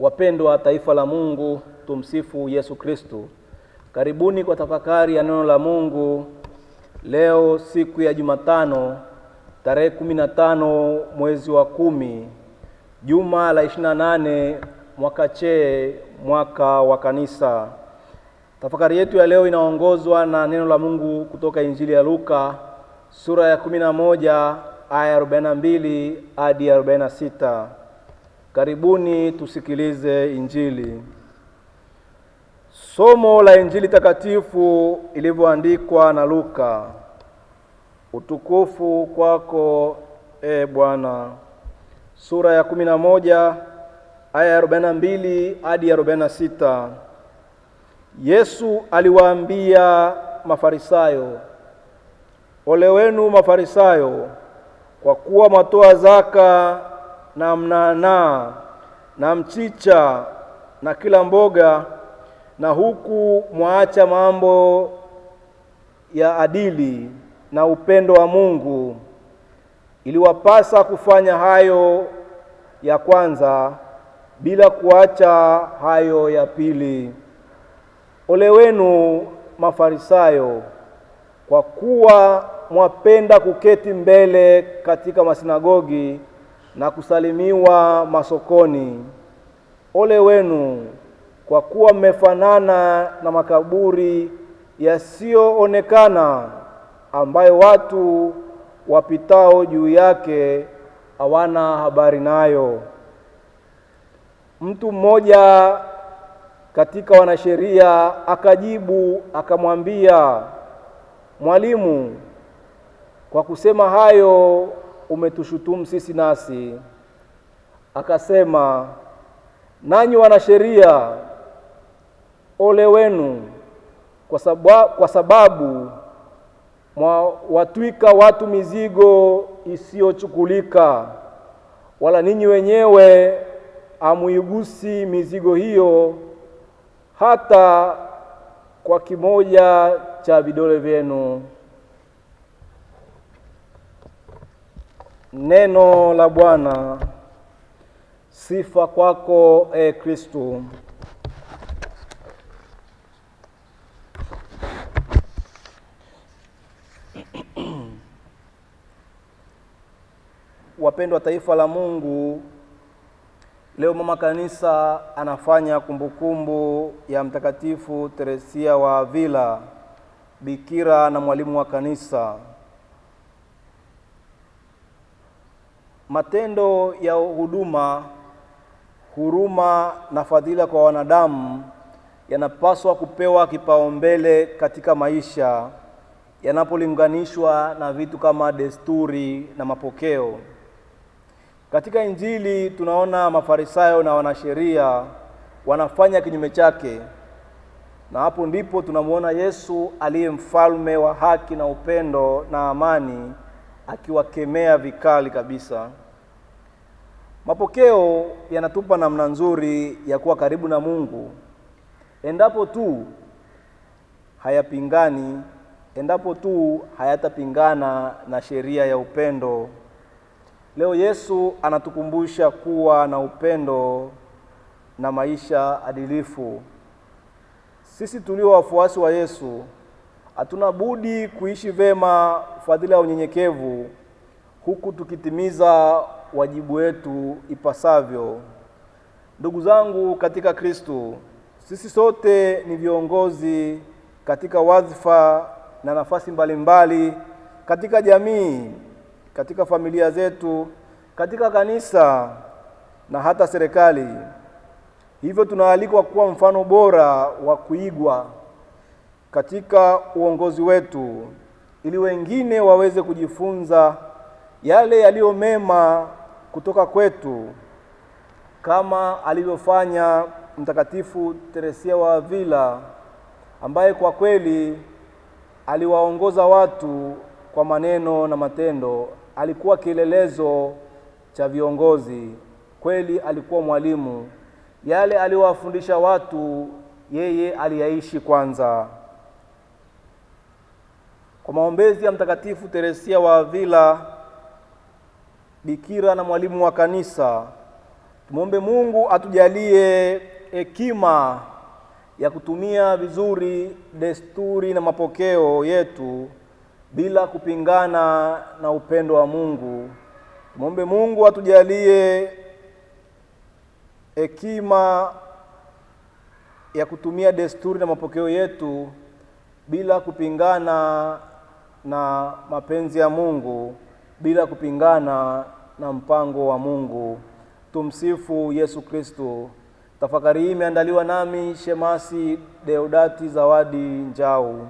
Wapendwa taifa la Mungu, tumsifu Yesu Kristu. Karibuni kwa tafakari ya neno la Mungu leo siku ya Jumatano tarehe 15 mwezi wa kumi juma la 28 mwaka chee mwaka wa kanisa. Tafakari yetu ya leo inaongozwa na neno la Mungu kutoka Injili ya Luka sura ya 11 aya 42 hadi 46. Karibuni tusikilize Injili. Somo la Injili takatifu ilivyoandikwa na Luka. Utukufu kwako e Bwana. Sura ya kumi na moja aya ya arobaini na mbili hadi arobaini na sita. Yesu aliwaambia Mafarisayo, ole wenu Mafarisayo, kwa kuwa mwatoa zaka na mnanaa na mchicha na kila mboga, na huku mwaacha mambo ya adili na upendo wa Mungu. Iliwapasa kufanya hayo ya kwanza bila kuacha hayo ya pili. Ole wenu Mafarisayo, kwa kuwa mwapenda kuketi mbele katika masinagogi na kusalimiwa masokoni. Ole wenu kwa kuwa mmefanana na makaburi yasiyoonekana ambayo watu wapitao juu yake hawana habari nayo. Mtu mmoja katika wanasheria akajibu akamwambia, Mwalimu, kwa kusema hayo umetushutumu sisi nasi, akasema, nanyi wanasheria ole wenu, kwa sababu, kwa sababu mwawatwika watu mizigo isiyochukulika, wala ninyi wenyewe amuigusi mizigo hiyo hata kwa kimoja cha vidole vyenu. Neno la Bwana. Sifa kwako e Kristo. Wapendwa taifa la Mungu, leo mama kanisa anafanya kumbukumbu ya Mtakatifu Teresia wa Avila, bikira na mwalimu wa kanisa. matendo ya huduma, huruma na fadhila kwa wanadamu yanapaswa kupewa kipaumbele katika maisha yanapolinganishwa na vitu kama desturi na mapokeo. Katika Injili tunaona Mafarisayo na wanasheria wanafanya kinyume chake, na hapo ndipo tunamwona Yesu aliye mfalme wa haki na upendo na amani akiwakemea vikali kabisa. Mapokeo yanatupa namna nzuri ya kuwa karibu na Mungu endapo tu hayapingani, endapo tu hayatapingana na sheria ya upendo. Leo Yesu anatukumbusha kuwa na upendo na maisha adilifu. Sisi tulio wafuasi wa Yesu hatuna budi kuishi vema fadhila ya unyenyekevu huku tukitimiza wajibu wetu ipasavyo. Ndugu zangu katika Kristo, sisi sote ni viongozi katika wadhifa na nafasi mbalimbali mbali, katika jamii, katika familia zetu, katika kanisa na hata serikali. Hivyo tunaalikwa kuwa mfano bora wa kuigwa katika uongozi wetu, ili wengine waweze kujifunza yale yaliyo mema kutoka kwetu, kama alivyofanya Mtakatifu Teresia wa Avila, ambaye kwa kweli aliwaongoza watu kwa maneno na matendo. Alikuwa kielelezo cha viongozi kweli, alikuwa mwalimu. Yale aliyowafundisha watu, yeye aliyaishi kwanza. Kwa maombezi ya Mtakatifu Teresia wa Avila, bikira na mwalimu wa kanisa, tumwombe Mungu atujalie hekima ya kutumia vizuri desturi na mapokeo yetu bila kupingana na upendo wa Mungu. Tumwombe Mungu atujalie hekima ya kutumia desturi na mapokeo yetu bila kupingana na mapenzi ya Mungu bila kupingana na mpango wa Mungu. Tumsifu Yesu Kristo. Tafakari hii imeandaliwa nami Shemasi Deodati Zawadi Njau.